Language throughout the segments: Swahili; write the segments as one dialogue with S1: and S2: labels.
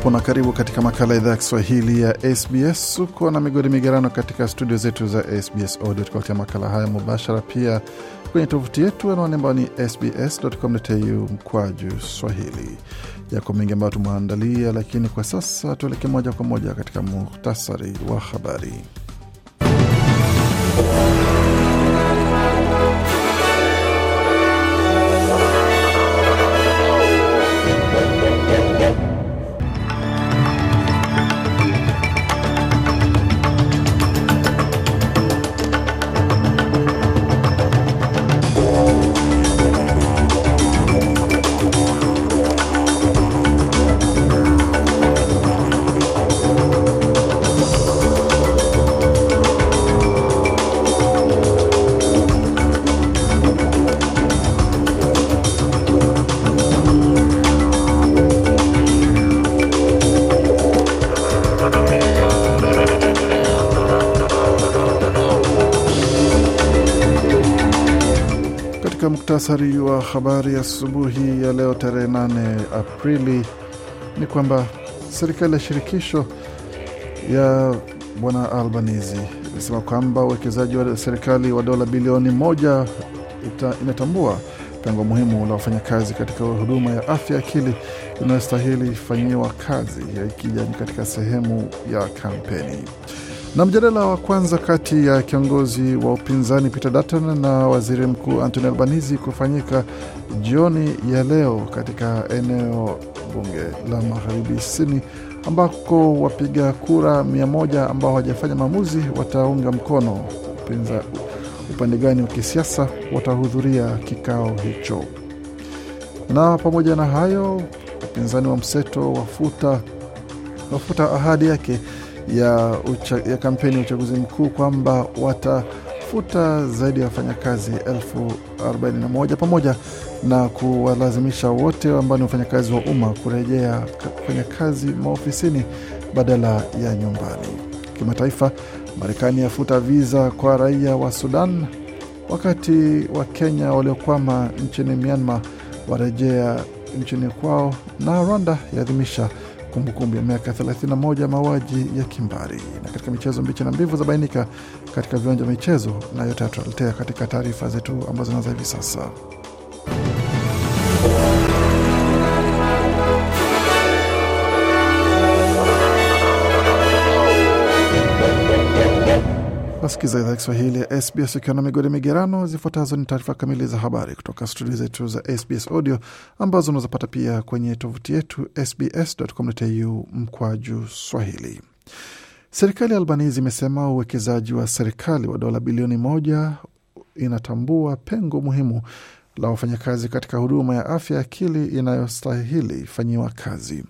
S1: Hujambo na karibu katika makala idhaa ya Kiswahili ya SBS. Uko na migodi migerano katika studio zetu za SBS Audio tukuletea makala haya mubashara, pia kwenye tovuti yetu anaone ambao ni sbs.com.au mkwaju swahili. Yako mengi ambayo tumeandalia, lakini kwa sasa tuelekee moja kwa moja katika muhtasari wa habari. Muktasari wa habari asubuhi ya, ya leo tarehe 8 Aprili ni kwamba serikali ya shirikisho ya bwana albanizi imesema kwamba uwekezaji wa serikali wa dola bilioni moja ita, inatambua pengo muhimu la wafanyakazi katika huduma ya afya akili inayostahili fanyiwa kazi ya ikija katika sehemu ya kampeni. Na mjadala wa kwanza kati ya kiongozi wa upinzani Peter Dutton na waziri mkuu Anthony Albanese kufanyika jioni ya leo katika eneo bunge la magharibi sini, ambako wapiga kura mia moja ambao hawajafanya maamuzi wataunga mkono upinza upande gani wa kisiasa watahudhuria kikao hicho. Na pamoja na hayo, upinzani wa mseto wafuta, wafuta ahadi yake ya, ya kampeni ya uchaguzi mkuu kwamba watafuta zaidi ya wafanyakazi elfu 41 pamoja na kuwalazimisha wote ambao ni wafanyakazi wa umma kurejea kwenye kazi maofisini badala ya nyumbani. Kimataifa, Marekani yafuta viza kwa raia wa Sudan, wakati wa Kenya waliokwama nchini Myanmar warejea nchini kwao, na Rwanda yaadhimisha kumbukumbu ya miaka 31 mauaji ya kimbari. Na katika michezo, mbichi na mbivu zabainika katika viwanja vya michezo, na yote yatualetea katika taarifa zetu ambazo zinaanza hivi sasa. Unasikiza idhaa Kiswahili ya SBS ukiwa na migodi migerano. Zifuatazo ni taarifa kamili za habari kutoka studio zetu za SBS Audio ambazo unazopata pia kwenye tovuti yetu sbs.com.au mkwaju swahili. Serikali ya Albanizi imesema uwekezaji wa serikali wa dola bilioni moja inatambua pengo muhimu la wafanyakazi katika huduma ya afya ya akili inayostahili fanyiwa kazi.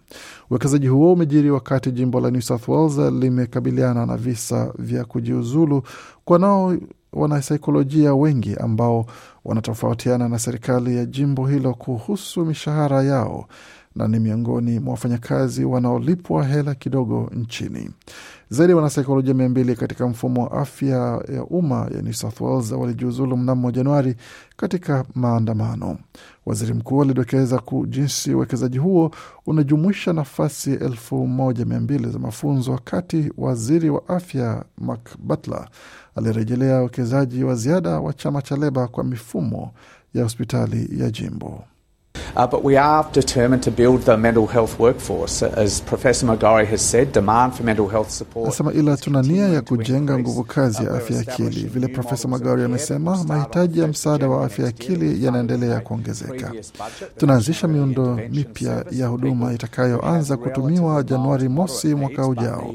S1: Uwekezaji huo umejiri wakati jimbo la New South Wales limekabiliana na visa vya kujiuzulu kwa nao wanasaikolojia wengi ambao wanatofautiana na serikali ya jimbo hilo kuhusu mishahara yao na ni miongoni mwa wafanyakazi wanaolipwa hela kidogo nchini. Zaidi ya wanasaikolojia mia mbili katika mfumo wa afya ya umma ya New South Wales walijiuzulu mnamo Januari katika maandamano. Waziri mkuu alidokeza jinsi uwekezaji huo unajumuisha nafasi elfu moja mia mbili za mafunzo, wakati waziri wa afya Mark Butler alirejelea uwekezaji wa ziada wa chama cha Leba kwa mifumo ya hospitali ya jimbo. Uh, but we are determined to build the mental health workforce. Uh, as Professor Magari has said, demand for mental health support. Nasema ila tuna nia ya kujenga nguvu kazi ya uh, afya ya akili. Vile Profesa Magari amesema, mahitaji ya msaada wa afya akili yanaendelea kuongezeka. Tunaanzisha miundo mipya ya huduma itakayoanza kutumiwa Januari mosi mwaka ujao.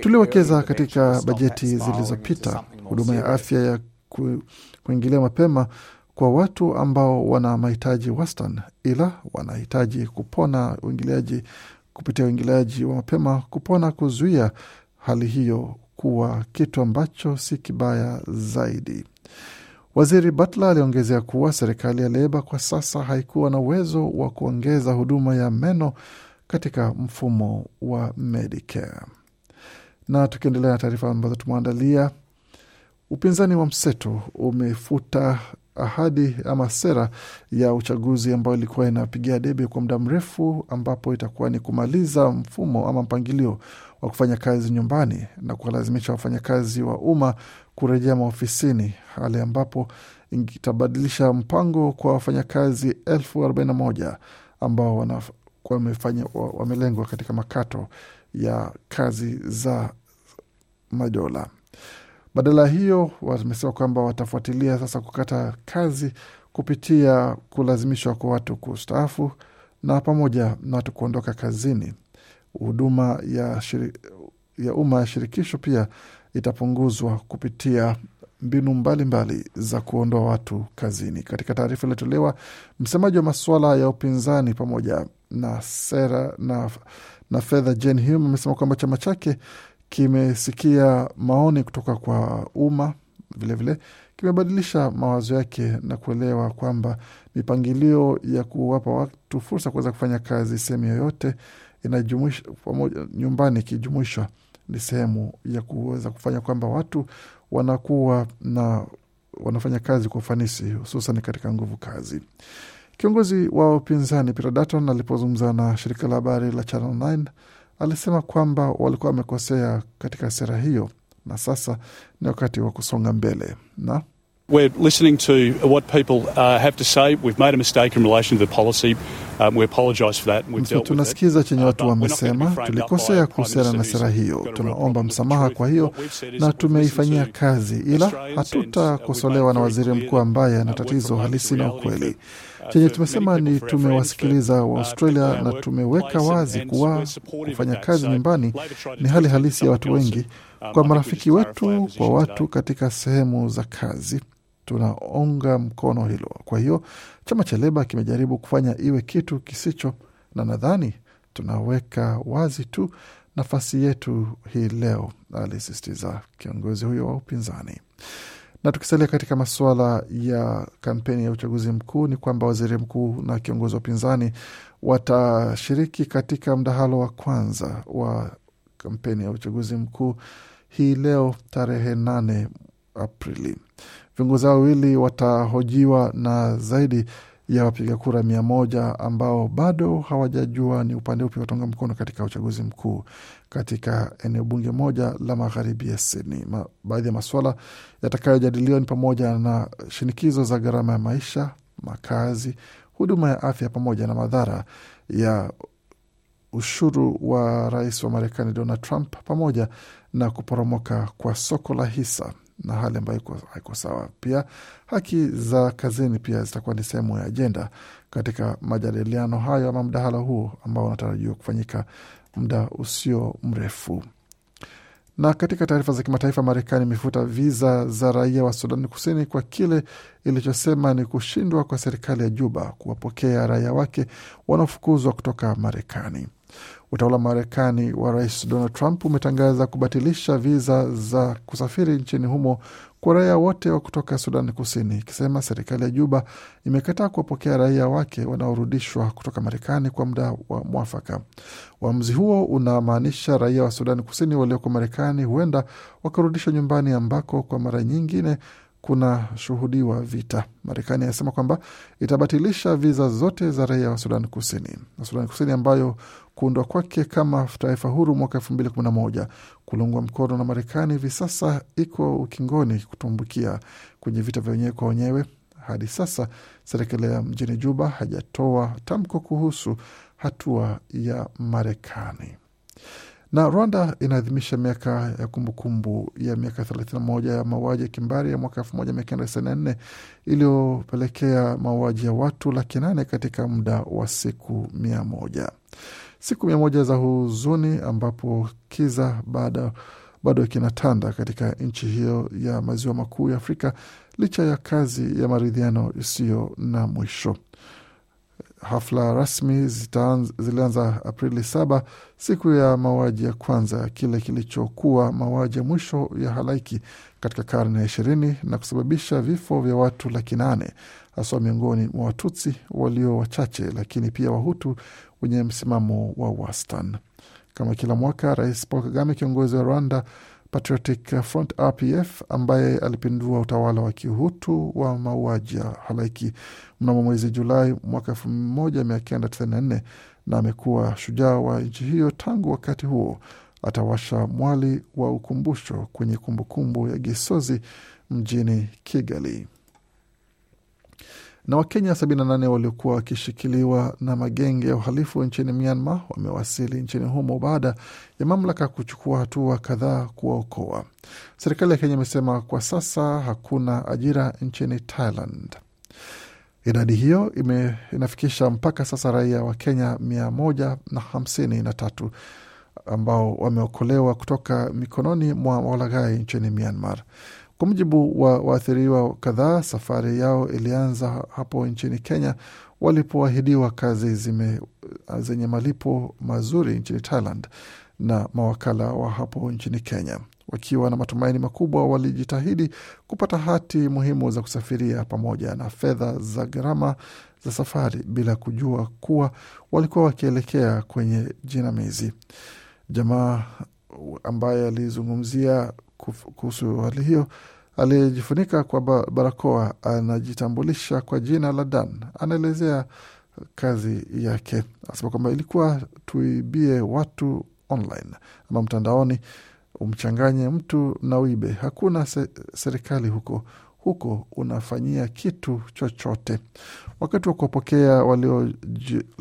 S1: Tuliwekeza katika bajeti zilizopita huduma ya afya ya kuingilia mapema kwa watu ambao wana mahitaji wastani, ila wanahitaji kupona uingiliaji kupitia uingiliaji wa mapema kupona, kuzuia hali hiyo kuwa kitu ambacho si kibaya zaidi. Waziri Butler aliongezea kuwa serikali ya Leba kwa sasa haikuwa na uwezo wa kuongeza huduma ya meno katika mfumo wa Medicare. Na tukiendelea na taarifa ambazo tumeandalia, upinzani wa mseto umefuta ahadi ama sera ya uchaguzi ambayo ilikuwa inapigia debe kwa muda mrefu, ambapo itakuwa ni kumaliza mfumo ama mpangilio wa kufanya kazi nyumbani na kuwalazimisha wafanyakazi wa umma kurejea maofisini, hali ambapo itabadilisha mpango kwa wafanyakazi elfu arobaini na moja ambao wamelengwa katika makato ya kazi za madola. Badala hiyo, wamesema kwamba watafuatilia sasa kukata kazi kupitia kulazimishwa kwa watu kustaafu na pamoja na watu kuondoka kazini. Huduma ya, shiri, ya umma ya shirikisho pia itapunguzwa kupitia mbinu mbalimbali mbali za kuondoa watu kazini. Katika taarifa iliyotolewa, msemaji wa masuala ya upinzani pamoja na sera na, na fedha Jane Hume amesema kwamba chama chake kimesikia maoni kutoka kwa umma, vilevile kimebadilisha mawazo yake na kuelewa kwamba mipangilio ya kuwapa watu fursa kuweza kufanya kazi sehemu yoyote nyumbani ikijumuishwa ni sehemu ya kuweza kufanya kwamba watu wanakuwa na wanafanya kazi kwa ufanisi hususan katika nguvu kazi. Kiongozi wa upinzani Peter Dutton alipozungumza na shirika la habari la Channel 9 alisema kwamba walikuwa wamekosea katika sera hiyo na sasa ni wakati wa kusonga mbele na We're listening to what people uh, have to say. We've made a mistake in relation to the policy. Um, we apologize for that. We've dealt tunasikiza chenye uh, watu wamesema, tulikosea kuhusiana na sera hiyo, tunaomba msamaha kwa hiyo na tumeifanyia kazi, ila uh, hatutakosolewa na waziri mkuu ambaye ana uh, tatizo halisi na ukweli. Chenye tumesema ni tumewasikiliza uh, Waaustralia na tumeweka wazi kuwa kufanya kazi nyumbani ni hali halisi ya watu wengi, uh, kwa marafiki wetu, kwa watu katika sehemu za kazi tunaonga mkono hilo. Kwa hiyo chama cha Leba kimejaribu kufanya iwe kitu kisicho na, nadhani tunaweka wazi tu nafasi yetu hii leo, alisistiza kiongozi huyo wa upinzani. Na tukisalia katika masuala ya kampeni ya uchaguzi mkuu ni kwamba waziri mkuu na kiongozi wa upinzani watashiriki katika mdahalo wa kwanza wa kampeni ya uchaguzi mkuu hii leo tarehe nane Aprili. Viongozi hao wawili watahojiwa na zaidi ya wapiga kura mia moja ambao bado hawajajua ni upande upi watonga mkono katika uchaguzi mkuu katika eneo bunge moja la magharibi ya Sydney. Ma, baadhi ya masuala yatakayojadiliwa ni pamoja na shinikizo za gharama ya maisha, makazi, huduma ya afya, pamoja na madhara ya ushuru wa rais wa Marekani Donald Trump pamoja na kuporomoka kwa soko la hisa na hali ambayo haiko sawa. Pia haki za kazini pia zitakuwa ni sehemu ya ajenda katika majadiliano hayo ama mdahalo huo ambao unatarajiwa kufanyika muda usio mrefu. Na katika taarifa za kimataifa, Marekani imefuta viza za raia wa Sudan Kusini kwa kile ilichosema ni kushindwa kwa serikali ya Juba kuwapokea raia wake wanaofukuzwa kutoka Marekani. Utawala wa Marekani wa Rais Donald Trump umetangaza kubatilisha viza za kusafiri nchini humo kwa raia wote wa kutoka sudani Kusini, ikisema serikali ya Juba imekataa kuwapokea raia wake wanaorudishwa kutoka Marekani kwa muda wa mwafaka. Uamuzi huo unamaanisha raia wa sudani Kusini walioko Marekani huenda wakarudishwa nyumbani ambako kwa mara nyingine kuna shuhudiwa vita. Marekani inasema kwamba itabatilisha viza zote za raia wa sudani Kusini na Kusini ambayo kuundwa kwake kama taifa huru mwaka moja kulungwa mkono na Marekani hivi sasa iko ukingoni kutumbukia kwenye vita vya wenyewe kwa wenyewe. Hadi sasa serikali ya mjini Juba hajatoa tamko kuhusu hatua ya Marekani. Na Rwanda inaadhimisha miaka ya kumbukumbu kumbu ya miaka 31 ya mauaji ya kimbari ya mwaka 1994 iliyopelekea mauaji ya watu laki nane katika muda wa siku mia moja siku mia moja za huzuni ambapo kiza bado, bado kinatanda katika nchi hiyo ya maziwa makuu ya Afrika licha ya kazi ya maridhiano isiyo na mwisho. Hafla rasmi zilianza Aprili saba, siku ya mauaji ya kwanza, ya kile kilichokuwa mauaji ya mwisho ya halaiki katika karne ya ishirini na kusababisha vifo vya watu laki nane haswa miongoni mwa Watutsi walio wachache, lakini pia Wahutu wenye msimamo wa wastan. Kama kila mwaka, Rais Paul Kagame, kiongozi wa Rwanda Patriotic Front RPF, ambaye alipindua utawala wa kihutu wa mauaji ya halaiki mnamo mwezi Julai mwaka 1994 na amekuwa shujaa wa nchi hiyo tangu wakati huo, atawasha mwali wa ukumbusho kwenye kumbukumbu ya Gisozi mjini Kigali. Na Wakenya 78 waliokuwa wakishikiliwa na magenge ya uhalifu nchini Myanmar wamewasili nchini humo baada ya mamlaka kuchukua hatua kadhaa kuwaokoa. Serikali ya Kenya imesema kwa sasa hakuna ajira nchini Thailand. Idadi hiyo ime, inafikisha mpaka sasa raia wa Kenya 153 ambao wameokolewa kutoka mikononi mwa walaghai nchini Myanmar. Kwa mujibu wa waathiriwa kadhaa, safari yao ilianza hapo nchini Kenya walipoahidiwa kazi zime, zenye malipo mazuri nchini Thailand na mawakala wa hapo nchini Kenya. Wakiwa na matumaini makubwa, walijitahidi kupata hati muhimu za kusafiria pamoja na fedha za gharama za safari, bila kujua kuwa walikuwa wakielekea kwenye jinamizi. Jamaa ambaye alizungumzia kuhusu hali hiyo aliyejifunika kwa barakoa anajitambulisha kwa jina la Dan. Anaelezea kazi yake, anasema kwamba ilikuwa tuibie watu online ama mtandaoni, umchanganye mtu na uibe. Hakuna se serikali huko huko unafanyia kitu chochote. Wakati wa kuwapokea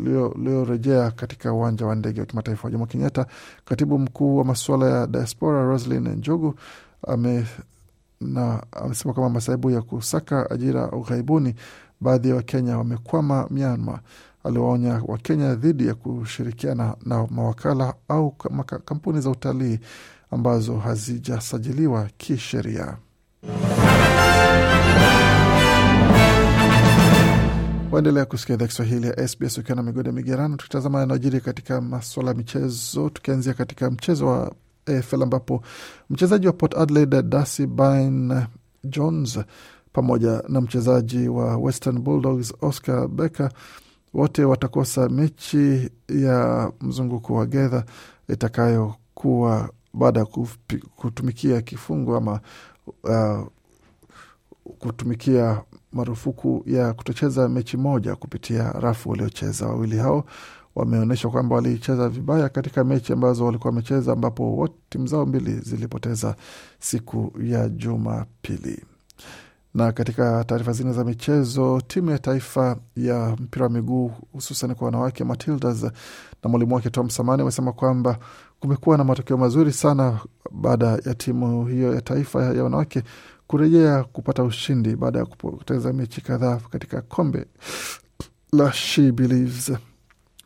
S1: waliorejea katika uwanja wa ndege wa kimataifa wa Jomo Kenyatta, katibu mkuu wa masuala ya diaspora Roslyn Njogu na amesema kwamba masaibu ya kusaka ajira ughaibuni, baadhi ya Wakenya wamekwama Myanmar. Aliwaonya Wakenya dhidi ya kushirikiana na mawakala au kampuni za utalii ambazo hazijasajiliwa kisheria. Waendelea kusikia idhaa Kiswahili ya SBS ukiwa na migode migerano, tukitazama yanayojiri katika maswala ya michezo, tukianzia katika mchezo wa AFL ambapo mchezaji wa Port Adelaide Darcy Byn Jones pamoja na mchezaji wa Western Bulldogs Oscar Becker wote watakosa mechi ya mzunguko wa gedha itakayokuwa baada ya kutumikia kifungo ama uh, kutumikia marufuku ya kutocheza mechi moja kupitia rafu waliocheza wawili hao wameonyesha kwamba walicheza vibaya katika mechi ambazo walikuwa wamecheza, ambapo timu zao mbili zilipoteza siku ya Jumapili. Na katika taarifa zingine za michezo, timu ya taifa ya mpira wa miguu hususan kwa wanawake Matildas na mwalimu wake Tom Samani amesema kwamba kumekuwa na matokeo mazuri sana baada ya timu hiyo ya taifa ya wanawake kurejea kupata ushindi baada ya kupoteza mechi kadhaa katika kombe la She Believes.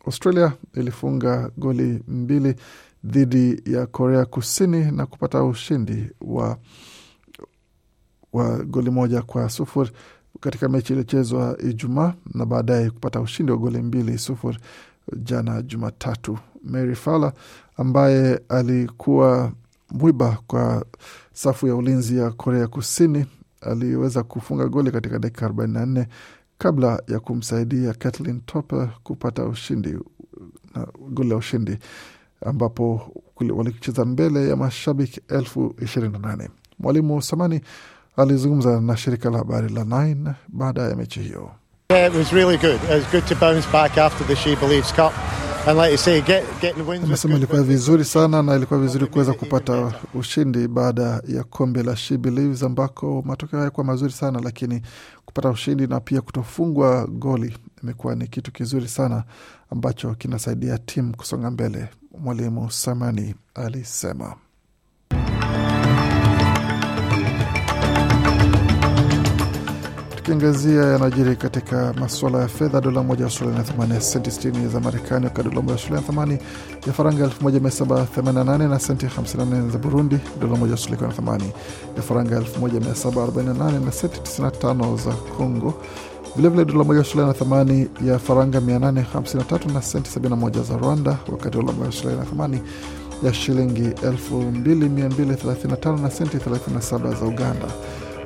S1: Australia ilifunga goli mbili dhidi ya Korea Kusini na kupata ushindi wa, wa goli moja kwa sufuri katika mechi iliyochezwa Ijumaa na baadaye kupata ushindi wa goli mbili sufuri jana Jumatatu. Mary Fowler ambaye alikuwa mwiba kwa safu ya ulinzi ya Korea Kusini aliweza kufunga goli katika dakika 44 kabla ya kumsaidia Kathleen Topper kupata ushindi na goli la ushindi ambapo walicheza mbele ya mashabiki elfu ishirini na nane. Mwalimu Samani alizungumza na shirika la habari la Nine baada ya mechi hiyo. Anasema ilikuwa vizuri sana na ilikuwa vizuri kuweza kupata ushindi baada ya kombe la She Believes ambako matokeo hayakuwa mazuri sana, lakini kupata ushindi na pia kutofungwa goli imekuwa ni kitu kizuri sana ambacho kinasaidia timu kusonga mbele, mwalimu Samani alisema. tukiangazia yanajiri katika masuala ya fedha. Dola moja ya Australia na thamani ya senti 60 za Marekani, wakati dola moja ya Australia na thamani ya faranga 1788 na senti 54 za Burundi. Dola moja ya Australia na thamani ya faranga 1748 na senti 95 za Congo. Vilevile dola moja ya Australia na thamani ya faranga 853 na senti 71 za Rwanda, wakati dola moja ya Australia na thamani ya shilingi 2235 na senti 37 za Uganda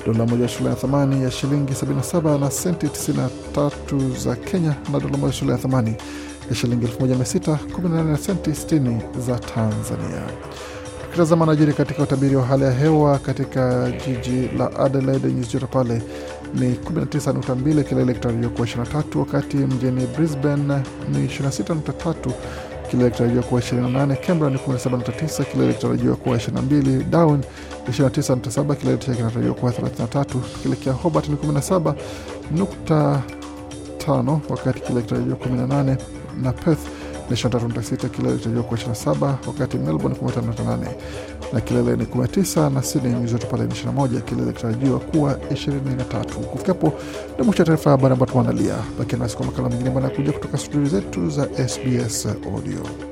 S1: dola moja shule ya thamani ya shilingi 77 na senti 93 za Kenya na dola moja shule ya thamani ya shilingi 1618 na senti 60 za Tanzania. Tukitazama najiri katika utabiri wa hali ya hewa katika jiji la Adelaide nyuzi joto pale ni 19.2, kilele kitarajiwa kuwa 23, wakati mjini Brisbane ni 26.3 kilele kitarajiwa kuwa 28, Canberra ni 17.9, kilele kitarajiwa kuwa 22, Darwin 29.7, kilele kinatarajiwa kuwa 33, kile kia Hobart ni 17.5, wakati kilele kitarajiwa 18 na Perth nyesha 36 kilele itajua kuwa 27, wakati Melbourne 15.8 na kilele ni 19 na Sydney nyuzi joto pale ni 21, kilele kitarajiwa kuwa 23. Kufikapo ni mwisho ya taarifa ya habari ambayo tumeandalia, bakia nasi kwa makala mengine ambayo yanakuja kutoka studio zetu za SBS Audio.